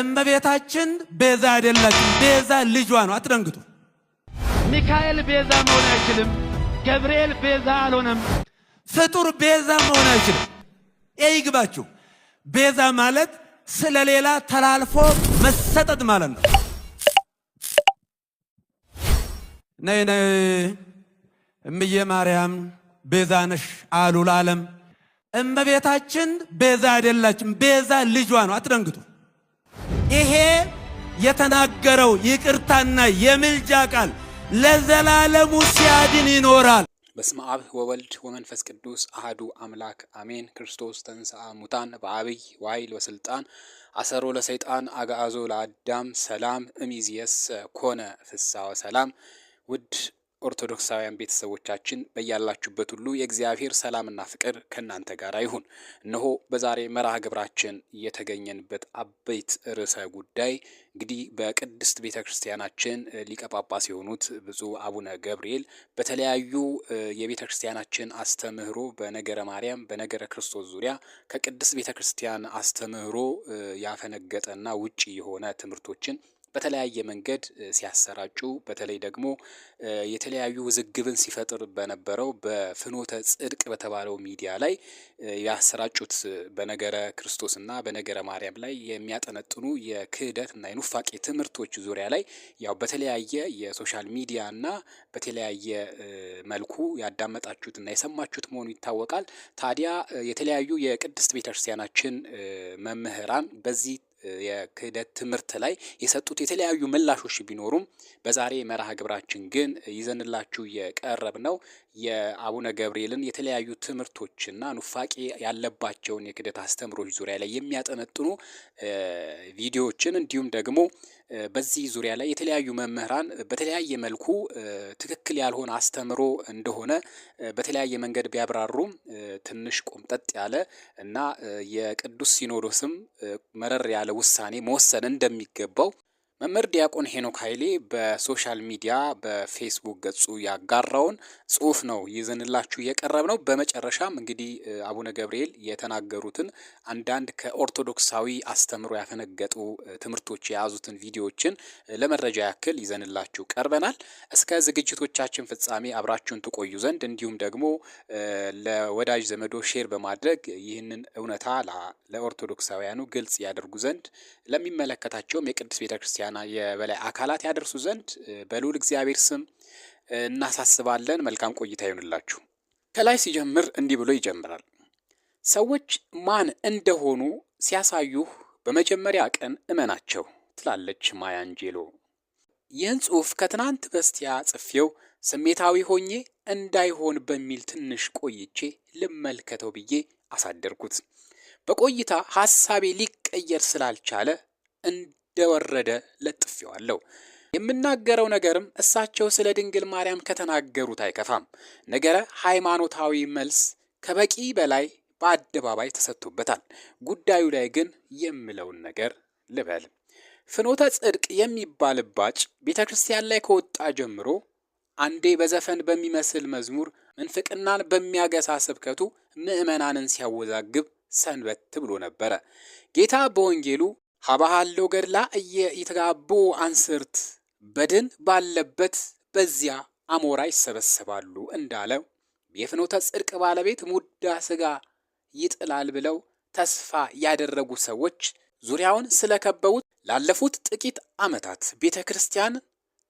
እመቤታችን ቤዛ አይደላችሁ፣ ቤዛ ልጇ ነው። አትደንግጡ። ሚካኤል ቤዛ መሆን አይችልም። ገብርኤል ቤዛ አልሆነም። ፍጡር ቤዛ መሆን አይችልም። ይግባችሁ። ቤዛ ማለት ስለ ሌላ ተላልፎ መሰጠት ማለት ነው። ነይ ነይ እምዬ ማርያም ቤዛ ነሽ አሉ ለዓለም። እመቤታችን ቤዛ አይደላችም፣ ቤዛ ልጇ ነው። አትደንግጡ። ይሄ የተናገረው ይቅርታና የምልጃ ቃል ለዘላለሙ ሲያድን ይኖራል። በስመ አብ ወወልድ ወመንፈስ ቅዱስ አህዱ አምላክ አሜን። ክርስቶስ ተንሥአ ሙታን በአብይ ዋይል ወስልጣን አሰሮ ለሰይጣን አጋዞ ለአዳም ሰላም እሚዝየስ ኮነ ፍስሐ ወሰላም ውድ ኦርቶዶክሳውያን ቤተሰቦቻችን በያላችሁበት ሁሉ የእግዚአብሔር ሰላምና ፍቅር ከእናንተ ጋር ይሁን። እነሆ በዛሬ መርሃ ግብራችን የተገኘንበት አበይት ርዕሰ ጉዳይ እንግዲህ በቅድስት ቤተ ክርስቲያናችን ሊቀ ጳጳስ የሆኑት ብፁዕ አቡነ ገብርኤል በተለያዩ የቤተ ክርስቲያናችን አስተምህሮ በነገረ ማርያም፣ በነገረ ክርስቶስ ዙሪያ ከቅድስት ቤተ ክርስቲያን አስተምህሮ ያፈነገጠና ውጪ የሆነ ትምህርቶችን በተለያየ መንገድ ሲያሰራጩ በተለይ ደግሞ የተለያዩ ውዝግብን ሲፈጥር በነበረው በፍኖተ ጽድቅ በተባለው ሚዲያ ላይ ያሰራጩት በነገረ ክርስቶስና በነገረ ማርያም ላይ የሚያጠነጥኑ የክህደት እና የኑፋቄ ትምህርቶች ዙሪያ ላይ ያው በተለያየ የሶሻል ሚዲያ እና በተለያየ መልኩ ያዳመጣችሁት እና የሰማችሁት መሆኑ ይታወቃል። ታዲያ የተለያዩ የቅድስት ቤተክርስቲያናችን መምህራን በዚህ የክህደት ትምህርት ላይ የሰጡት የተለያዩ ምላሾች ቢኖሩም በዛሬ መርሃ ግብራችን ግን ይዘንላችሁ የቀረብ ነው የአቡነ ገብርኤልን የተለያዩ ትምህርቶችና ኑፋቄ ያለባቸውን የክህደት አስተምሮች ዙሪያ ላይ የሚያጠነጥኑ ቪዲዮዎችን እንዲሁም ደግሞ በዚህ ዙሪያ ላይ የተለያዩ መምህራን በተለያየ መልኩ ትክክል ያልሆነ አስተምሮ እንደሆነ በተለያየ መንገድ ቢያብራሩም ትንሽ ቆምጠጥ ያለ እና የቅዱስ ሲኖዶስም መረር ያለ ውሳኔ መወሰን እንደሚገባው መምህር ዲያቆን ሄኖክ ኃይሌ በሶሻል ሚዲያ በፌስቡክ ገጹ ያጋራውን ጽሁፍ ነው ይዘንላችሁ የቀረብ ነው። በመጨረሻም እንግዲህ አቡነ ገብርኤል የተናገሩትን አንዳንድ ከኦርቶዶክሳዊ አስተምሮ ያፈነገጡ ትምህርቶች የያዙትን ቪዲዮዎችን ለመረጃ ያክል ይዘንላችሁ ቀርበናል። እስከ ዝግጅቶቻችን ፍጻሜ አብራችሁን ትቆዩ ዘንድ እንዲሁም ደግሞ ለወዳጅ ዘመዶ ሼር በማድረግ ይህንን እውነታ ለኦርቶዶክሳውያኑ ግልጽ ያደርጉ ዘንድ ለሚመለከታቸውም የቅድስት ቤተክርስቲያን ክርስቲያን የበላይ አካላት ያደርሱ ዘንድ በልዑል እግዚአብሔር ስም እናሳስባለን። መልካም ቆይታ ይሆንላችሁ። ከላይ ሲጀምር እንዲህ ብሎ ይጀምራል። ሰዎች ማን እንደሆኑ ሲያሳዩህ በመጀመሪያ ቀን እመናቸው ትላለች ማያ አንጄሎ። ይህን ጽሑፍ ከትናንት በስቲያ ጽፌው ስሜታዊ ሆኜ እንዳይሆን በሚል ትንሽ ቆይቼ ልመልከተው ብዬ አሳደርኩት። በቆይታ ሐሳቤ ሊቀየር ስላልቻለ እንደወረደ ለጥፌዋለሁ። የምናገረው ነገርም እሳቸው ስለ ድንግል ማርያም ከተናገሩት አይከፋም። ነገረ ሃይማኖታዊ መልስ ከበቂ በላይ በአደባባይ ተሰጥቶበታል። ጉዳዩ ላይ ግን የምለውን ነገር ልበል። ፍኖተ ጽድቅ የሚባል ባጭ ቤተ ክርስቲያን ላይ ከወጣ ጀምሮ አንዴ በዘፈን በሚመስል መዝሙር ምንፍቅናን በሚያገሳ ስብከቱ ምዕመናንን ሲያወዛግብ ሰንበት ብሎ ነበረ። ጌታ በወንጌሉ ሀባሃለው ገድላ እየተጋቦ አንስርት በድን ባለበት በዚያ አሞራ ይሰበሰባሉ እንዳለው የፍኖተ ጽድቅ ባለቤት ሙዳ ስጋ ይጥላል ብለው ተስፋ ያደረጉ ሰዎች ዙሪያውን ስለከበቡት ላለፉት ጥቂት ዓመታት ቤተ ክርስቲያን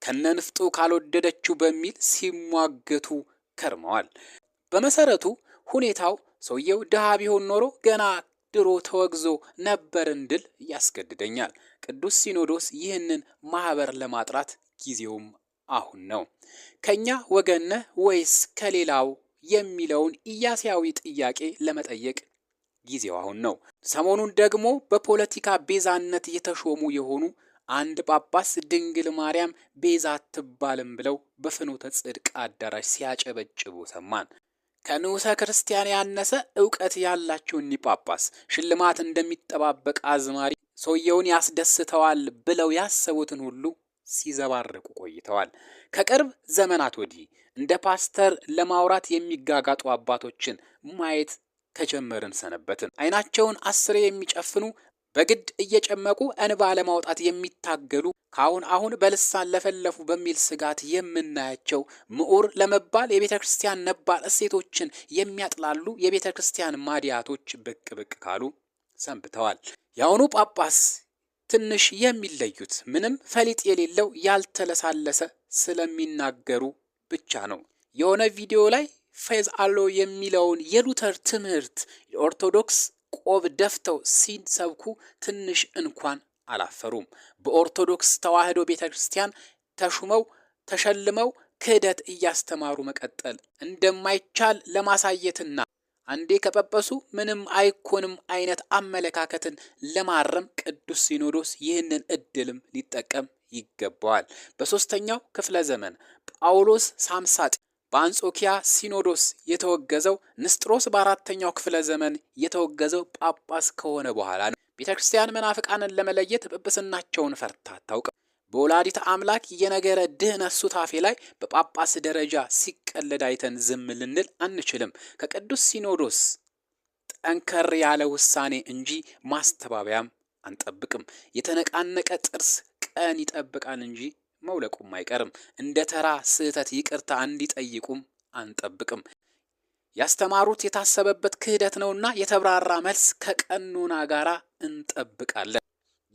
ከነንፍጡ ካልወደደችው በሚል ሲሟገቱ ከርመዋል። በመሰረቱ ሁኔታው ሰውየው ድሃ ቢሆን ኖሮ ገና ድሮ ተወግዞ ነበር እንድል ያስገድደኛል። ቅዱስ ሲኖዶስ ይህንን ማኅበር ለማጥራት ጊዜውም አሁን ነው። ከእኛ ወገነ ወይስ ከሌላው የሚለውን ኢያሳዊ ጥያቄ ለመጠየቅ ጊዜው አሁን ነው። ሰሞኑን ደግሞ በፖለቲካ ቤዛነት የተሾሙ የሆኑ አንድ ጳጳስ ድንግል ማርያም ቤዛ አትባልም ብለው በፍኖተ ጽድቅ አዳራሽ ሲያጨበጭቡ ሰማን። ከንዑሰ ክርስቲያን ያነሰ እውቀት ያላቸው እኒ ጳጳስ ሽልማት እንደሚጠባበቅ አዝማሪ ሰውየውን ያስደስተዋል ብለው ያሰቡትን ሁሉ ሲዘባርቁ ቆይተዋል። ከቅርብ ዘመናት ወዲህ እንደ ፓስተር ለማውራት የሚጋጋጡ አባቶችን ማየት ከጀመርን ሰነበትን። አይናቸውን አስሬ የሚጨፍኑ በግድ እየጨመቁ እንባ ለማውጣት የሚታገሉ ከአሁን አሁን በልሳን ለፈለፉ በሚል ስጋት የምናያቸው ምዑር ለመባል የቤተ ክርስቲያን ነባር እሴቶችን የሚያጥላሉ የቤተ ክርስቲያን ማዲያቶች ብቅ ብቅ ካሉ ሰንብተዋል። የአሁኑ ጳጳስ ትንሽ የሚለዩት ምንም ፈሊጥ የሌለው ያልተለሳለሰ ስለሚናገሩ ብቻ ነው። የሆነ ቪዲዮ ላይ ፌዝ አሎ የሚለውን የሉተር ትምህርት ኦርቶዶክስ ቆብ ደፍተው ሲሰብኩ ትንሽ እንኳን አላፈሩም። በኦርቶዶክስ ተዋሕዶ ቤተ ክርስቲያን ተሹመው ተሸልመው ክህደት እያስተማሩ መቀጠል እንደማይቻል ለማሳየትና አንዴ ከጳጳሱ ምንም አይኮንም አይነት አመለካከትን ለማረም ቅዱስ ሲኖዶስ ይህንን እድልም ሊጠቀም ይገባዋል። በሶስተኛው ክፍለ ዘመን ጳውሎስ ሳምሳጥ በአንጾኪያ ሲኖዶስ የተወገዘው ንስጥሮስ በአራተኛው ክፍለ ዘመን የተወገዘው ጳጳስ ከሆነ በኋላ ነው። ቤተ ክርስቲያን መናፍቃንን ለመለየት ጵጵስናቸውን ፈርታ አታውቅም። በወላዲት አምላክ የነገረ ድህነት ሱታፌ ላይ በጳጳስ ደረጃ ሲቀለድ አይተን ዝም ልንል አንችልም። ከቅዱስ ሲኖዶስ ጠንከር ያለ ውሳኔ እንጂ ማስተባበያም አንጠብቅም። የተነቃነቀ ጥርስ ቀን ይጠብቃል እንጂ መውለቁም አይቀርም። እንደ ተራ ስህተት ይቅርታ እንዲጠይቁም አንጠብቅም። ያስተማሩት የታሰበበት ክህደት ነውና የተብራራ መልስ ከቀኖና ጋር እንጠብቃለን።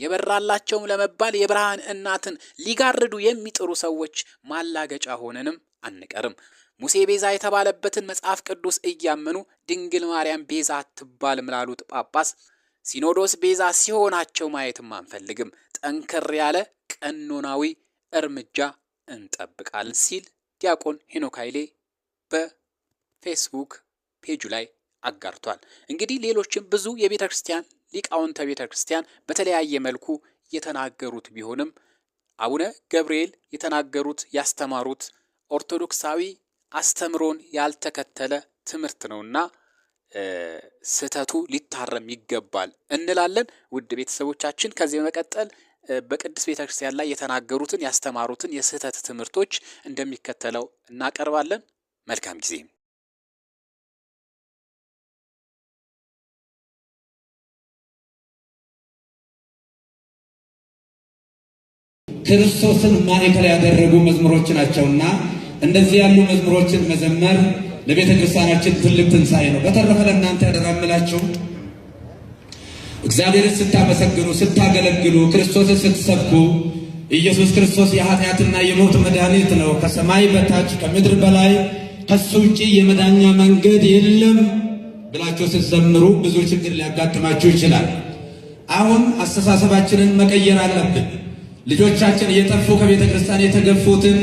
የበራላቸውም ለመባል የብርሃን እናትን ሊጋርዱ የሚጥሩ ሰዎች ማላገጫ ሆነንም አንቀርም። ሙሴ ቤዛ የተባለበትን መጽሐፍ ቅዱስ እያመኑ ድንግል ማርያም ቤዛ አትባልም ላሉት ጳጳስ ሲኖዶስ ቤዛ ሲሆናቸው ማየትም አንፈልግም። ጠንከር ያለ ቀኖናዊ እርምጃ እንጠብቃለን ሲል ዲያቆን ሄኖክ ኃይሌ በፌስቡክ ፔጁ ላይ አጋርቷል። እንግዲህ ሌሎችም ብዙ የቤተ ክርስቲያን ሊቃውንተ ቤተ ክርስቲያን በተለያየ መልኩ የተናገሩት ቢሆንም አቡነ ገብርኤል የተናገሩት ያስተማሩት ኦርቶዶክሳዊ አስተምሮን ያልተከተለ ትምህርት ነውና ስህተቱ ሊታረም ይገባል እንላለን። ውድ ቤተሰቦቻችን ከዚህ በመቀጠል በቅድስት ቤተ ክርስቲያን ላይ የተናገሩትን ያስተማሩትን የስህተት ትምህርቶች እንደሚከተለው እናቀርባለን። መልካም ጊዜ። ክርስቶስን ማዕከል ያደረጉ መዝሙሮች ናቸውና እንደዚህ ያሉ መዝሙሮችን መዘመር ለቤተ ክርስቲያናችን ትልቅ ትንሣኤ ነው። በተረፈ ለእናንተ ያደራምላችሁ እግዚአብሔርን ስታመሰግኑ፣ ስታገለግሉ፣ ክርስቶስን ስትሰብኩ ኢየሱስ ክርስቶስ የኃጢአትና የሞት መድኃኒት ነው፣ ከሰማይ በታች ከምድር በላይ ከሱ ውጪ የመዳኛ መንገድ የለም ብላችሁ ስትዘምሩ ብዙ ችግር ሊያጋጥማችሁ ይችላል። አሁን አስተሳሰባችንን መቀየር አለብን። ልጆቻችን እየጠፉ ከቤተ ክርስቲያን የተገፉትን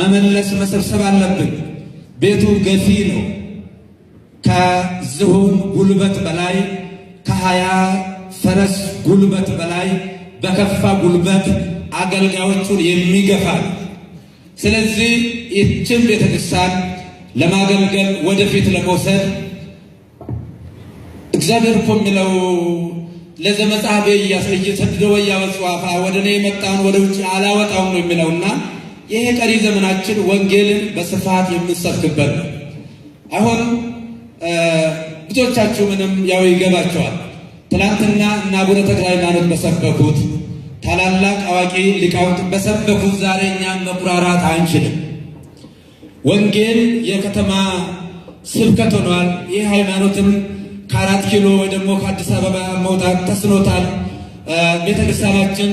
መመለስ መሰብሰብ አለብን። ቤቱ ገፊ ነው። ከዝሆን ጉልበት በላይ ከሀያ ፈረስ ጉልበት በላይ በከፋ ጉልበት አገልጋዮቹን የሚገፋ ነው። ስለዚህ ይችን ቤተክርስቲያን ለማገልገል ወደፊት ለመውሰድ እግዚአብሔር እኮ የሚለው ለዘ መጽሐፈ ኢያሱ እየሰደደ ያወጽ አፋ ወደ እኔ የመጣውን ወደ ውጭ አላወጣውም ነው የሚለውና ይሄ ቀሪ ዘመናችን ወንጌልን በስፋት የምንሰብክበት ነው። አሁን ብዙዎቻችሁ ምንም ያው ይገባቸዋል ትላንትና እና አቡነ ተክለ ሃይማኖት በሰበኩት ታላላቅ አዋቂ ሊቃውንት በሰበኩት ዛሬ እኛም መቁራራት አንችልም። ወንጌል የከተማ ስብከት ሆኗል። ይህ ሃይማኖትም ከአራት ኪሎ ወይ ደግሞ ከአዲስ አበባ መውጣት ተስኖታል። ቤተክርስቲያናችን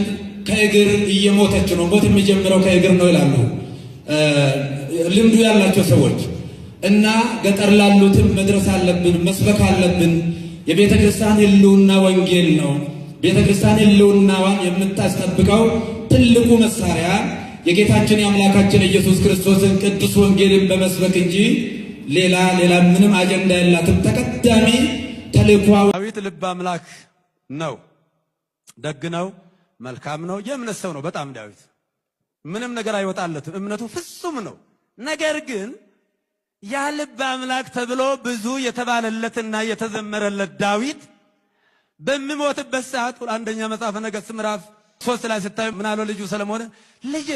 ከእግር እየሞተች ነው። ሞት የሚጀምረው ከእግር ነው ይላሉ ልምዱ ያላቸው ሰዎች እና ገጠር ላሉትም መድረስ አለብን፣ መስበክ አለብን። የቤተ ክርስቲያን ህልውና ወንጌል ነው። ቤተ ክርስቲያን ሕልውናዋን የምታስጠብቀው ትልቁ መሳሪያ የጌታችን የአምላካችን ኢየሱስ ክርስቶስን ቅዱስ ወንጌልን በመስበክ እንጂ ሌላ ሌላ ምንም አጀንዳ የላትም። ተቀዳሚ ተልእኮዋ አቤት ልብ አምላክ ነው። ደግ ነው፣ መልካም ነው፣ የእምነት ሰው ነው። በጣም ዳዊት ምንም ነገር አይወጣለትም። እምነቱ ፍጹም ነው። ነገር ግን ያ ልብ አምላክ ተብሎ ብዙ የተባለለትና የተዘመረለት ዳዊት በሚሞትበት ሰዓት አንደኛ መጽሐፈ ነገሥት ምዕራፍ ሶስት ላይ ስታዩ ምናለው ልጁ ሰለሞን ልጄ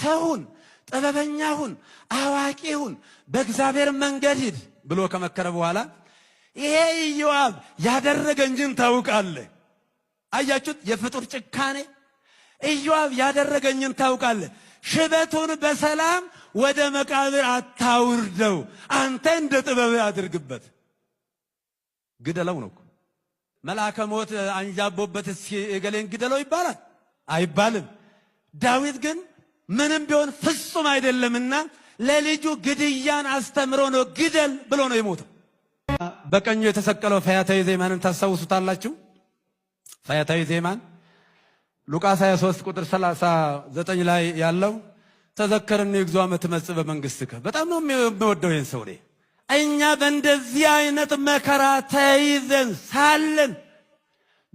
ሰውን ጥበበኛሁን አዋቂሁን በእግዚአብሔር መንገድ ሂድ ብሎ ከመከረ በኋላ ይሄ ኢዮአብ ያደረገ እንጂን ታውቃለ። አያችሁት? የፍጡር ጭካኔ ኢዮአብ ያደረገኝን ታውቃለህ ሽበቱን በሰላም ወደ መቃብር አታውርደው፣ አንተ እንደ ጥበብ አድርግበት። ግደለው ነው መልአከ ሞት አንዣቦበት እገሌን ግደለው ይባላል አይባልም። ዳዊት ግን ምንም ቢሆን ፍጹም አይደለምና ለልጁ ግድያን አስተምሮ ነው ግደል ብሎ ነው የሞተው። በቀኙ የተሰቀለው ፈያታዊ ዜማንን ታስታውሱታላችሁ? ፈያታዊ ዜማን ሉቃስ 23 ቁጥር 39 ላይ ያለው ተዘከረኒ እግዚኦ እምትመጽእ በመንግሥትከ። በጣም ነው የሚወደው ይህን ሰው። እኛ በእንደዚህ አይነት መከራ ተይዘን ሳለን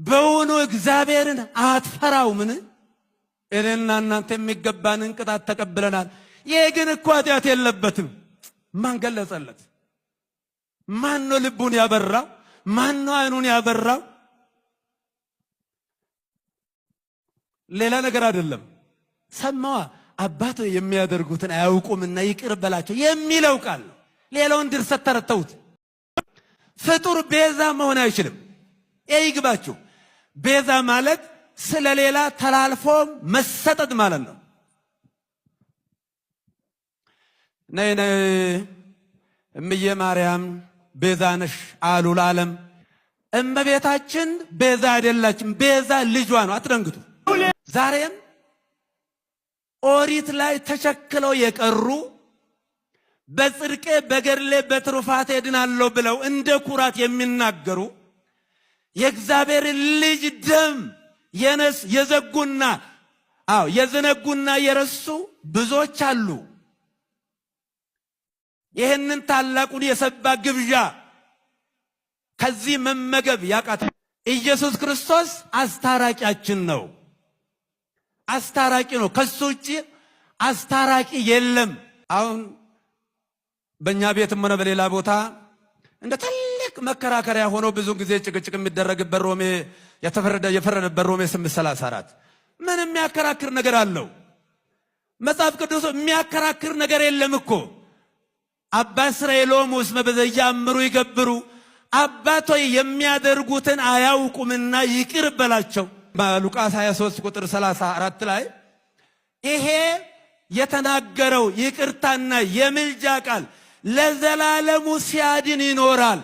በውኑ እግዚአብሔርን አትፈራው? ምን እኔና እናንተ የሚገባንን ቅጣት ተቀብለናል። ይሄ ግን እኮ ኃጢአት የለበትም። ማን ገለጸለት? ማን ነው ልቡን ያበራው? ማን ነው አይኑን ያበራው? ሌላ ነገር አይደለም። ሰማዋ አባት የሚያደርጉትን አያውቁምና ይቅር በላቸው የሚለው ቃል ሌላውን ድርሰት ተረተውት። ፍጡር ቤዛ መሆን አይችልም። ይግባችሁ። ቤዛ ማለት ስለሌላ ተላልፎ መሰጠት ማለት ነው። ነይ ነይ እምዬ ማርያም ቤዛ ነሽ አሉ ለዓለም። እመቤታችን ቤዛ አይደላችም ቤዛ ልጇ ነው። አትደንግጡ። ዛሬም ኦሪት ላይ ተቸክለው የቀሩ በጽድቄ በገድሌ በትሩፋቴ ድናለሁ ብለው እንደ ኩራት የሚናገሩ የእግዚአብሔር ልጅ ደም የነስ የዘጉና አዎ የዘነጉና የረሱ ብዙዎች አሉ። ይህንን ታላቁን የሰባ ግብዣ ከዚህ መመገብ ያቃተ ኢየሱስ ክርስቶስ አስታራቂያችን ነው። አስታራቂ ነው። ከሱ ውጭ አስታራቂ የለም። አሁን በእኛ ቤትም ሆነ በሌላ ቦታ እንደ ትልቅ መከራከሪያ ሆኖ ብዙ ጊዜ ጭቅጭቅ የሚደረግበት ሮሜ የፈረደበት ሮሜ አራት ምን የሚያከራክር ነገር አለው? መጽሐፍ ቅዱስ የሚያከራክር ነገር የለም እኮ አባ እስራኤሎም ውስጥ መበዘያ አምሩ ይገብሩ አባቶ የሚያደርጉትን አያውቁምና ይቅር በላቸው። በሉቃስ 23 ቁጥር 34 ላይ ይሄ የተናገረው ይቅርታና የምልጃ ቃል ለዘላለሙ ሲያድን ይኖራል።